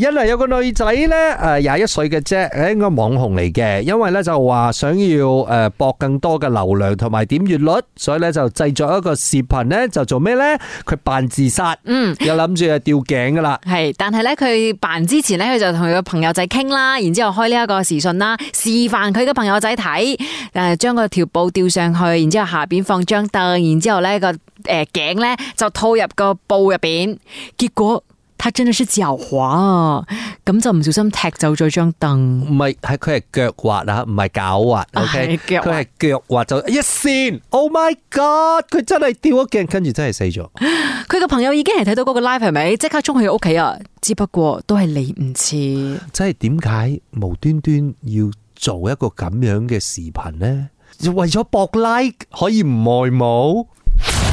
一嚟有個女仔咧，誒廿一歲嘅啫，誒應該網紅嚟嘅，因為咧就話想要博更多嘅流量同埋點閱率，所以咧就製作一個視頻咧就做咩咧？佢扮自殺，嗯，又諗住係吊頸噶啦。係，但係咧佢扮之前咧，佢就同佢嘅朋友仔傾啦，然之後開呢一個視訊啦，示範佢嘅朋友仔睇，誒將個條布吊上去，然之後下邊放張凳，然之後咧個誒頸咧就套入個布入邊，結果。他真的是狡猾啊，咁就唔小心踢走咗張凳。唔係，係佢係腳滑啊，唔係狡猾。O K，佢係腳滑就一線。Oh my god！佢真係掉咗鏡，跟住真係死咗。佢個朋友已經係睇到嗰個 live 係咪？即刻衝去屋企啊！只不過都係嚟唔切。即係點解無端端要做一個咁樣嘅視頻呢？為咗博 like 可以唔外冇？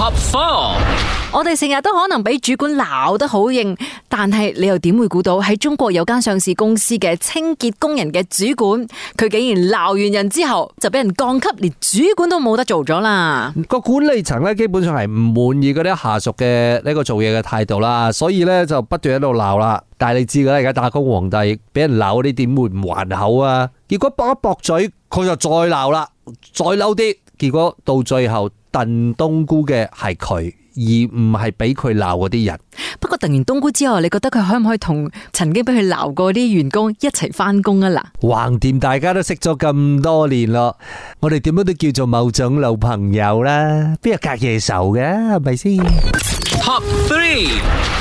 我哋成日都可能俾主管鬧得好應，但係你又點會估到喺中國有間上市公司嘅清潔工人嘅主管，佢竟然鬧完人之後就俾人降級，連主管都冇得做咗啦。個管理層咧，基本上係唔滿意嗰啲下屬嘅呢個做嘢嘅態度啦，所以咧就不斷喺度鬧啦。但係你知㗎啦，而家打工皇帝俾人鬧，你點會唔還口啊？結果駁一駁嘴，佢就再鬧啦，再嬲啲。結果到最後燉冬菇嘅係佢，而唔係俾佢鬧嗰啲人。不過燉完冬菇之後，你覺得佢可唔可以同曾經俾佢鬧過啲員工一齊翻工啊？嗱，橫掂大家都識咗咁多年咯，我哋點樣都叫做某種老朋友啦，邊有隔夜仇嘅，係咪先？是 Top three，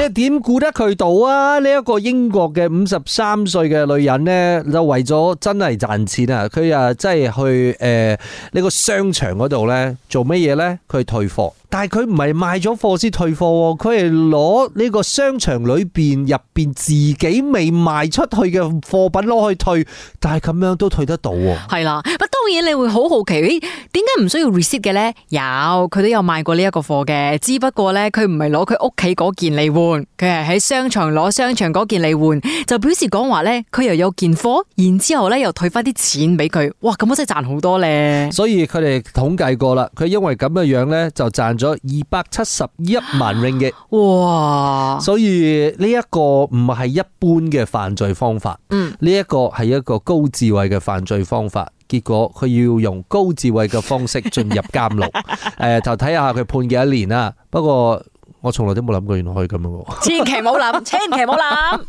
你點估得佢到啊？呢、這、一個英國嘅五十三歲嘅女人呢，就為咗真係賺錢啊！佢啊，即係去誒呢個商場嗰度呢，做乜嘢呢？佢退貨。但係佢唔係賣咗貨先退貨，佢係攞呢個商場裏邊入邊自己未賣出去嘅貨品攞去退，但係咁樣都退得到喎。係啦，不過當然你會好好奇，點解唔需要 receipt 嘅咧？有，佢都有賣過呢一個貨嘅，只不過咧佢唔係攞佢屋企嗰件嚟換，佢係喺商場攞商場嗰件嚟換，就表示講話咧佢又有件貨，然之後咧又退翻啲錢俾佢。哇，咁我真係賺好多咧。所以佢哋統計過啦，佢因為咁嘅樣咧就賺。咗二百七十一萬英鎊嘅，哇！所以呢一個唔係一般嘅犯罪方法，嗯，呢一個係一個高智慧嘅犯罪方法。結果佢要用高智慧嘅方式進入監獄，誒、 呃，就睇下佢判幾多年啦。不過我從來都冇諗過，原來可以咁樣。 千祈冇諗，千祈冇諗。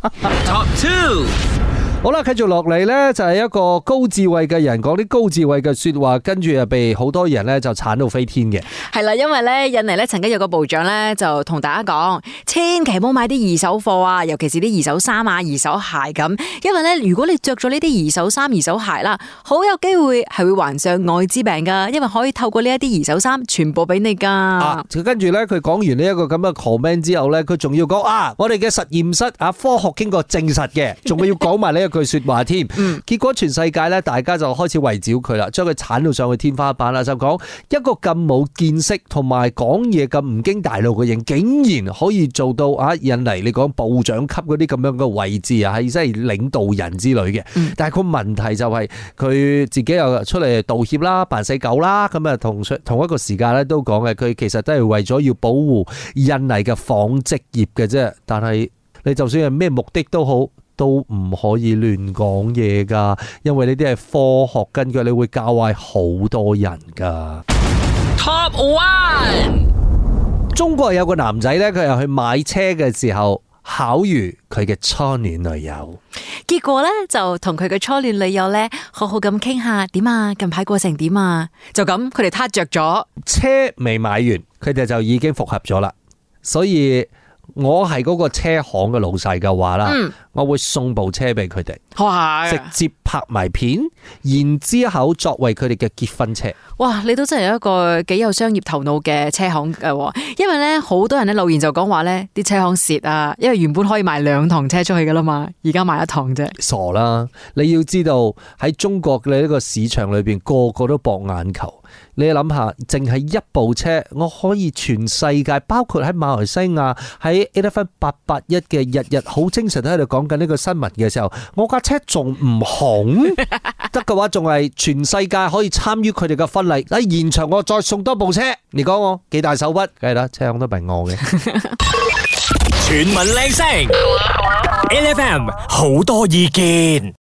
好啦，繼續落嚟，呢就係一個高智慧嘅人講啲高智慧嘅說話，跟住啊被好多人呢就鏟到飛天嘅。係啦，因為呢，印尼呢曾經有個部長呢，就同大家講，千祈唔好買啲二手貨啊，尤其是啲二手衫啊、二手鞋咁。因為呢，如果你着咗呢啲二手衫、二手鞋啦，好有機會係會患上艾滋病噶，因為可以透過呢一啲二手衫傳播俾你噶。啊，跟住呢，佢講完呢一個咁嘅 comment 之後呢，佢仲要講啊，我哋嘅實驗室啊，科學經過證實嘅，仲要講埋呢句說話添，結果全世界咧，大家就開始圍剿佢啦，將佢鏟到上去天花板啦。就講一個咁冇見識同埋講嘢咁唔經大腦嘅人，竟然可以做到啊！印尼你講部長級嗰啲咁樣嘅位置啊，係即係領導人之類嘅。但係個問題就係佢自己又出嚟道歉啦，扮死狗啦。咁啊，同同一個時間咧都講嘅，佢其實都係爲咗要保護印尼嘅紡織業嘅啫。但係你就算係咩目的都好。都唔可以亂講嘢噶，因為呢啲係科學根據，你會教壞好多人噶。Top One，中國有個男仔呢，佢又去買車嘅時候，巧遇佢嘅初戀女友，結果呢就同佢嘅初戀女友呢好好咁傾下，點啊？近排過程點啊？就咁，佢哋撻着咗，車未買完，佢哋就已經復合咗啦，所以。我係嗰個車行嘅老細嘅話啦，嗯、我會送部車俾佢哋，的直接拍埋片，然之後作為佢哋嘅結婚車。哇！你都真係一個幾有商業頭腦嘅車行嘅，因為呢，好多人咧留言就講話呢啲車行蝕啊，因為原本可以賣兩趟車出去㗎啦嘛，而家賣一趟啫。傻啦！你要知道喺中國嘅呢個市場裏面，個個都博眼球，你諗下，淨係一部車我可以全世界包括喺馬來西亞喺。A. F. M. 八八一嘅日日好精神都喺度講緊呢個新聞嘅時候，我架車仲唔紅得嘅話，仲係全世界可以參與佢哋嘅婚禮喺現場，我再送多部車。你講我幾大手筆？梗係啦，車紅都唔係我嘅。全民靚聲，A. F. M. 好多意見。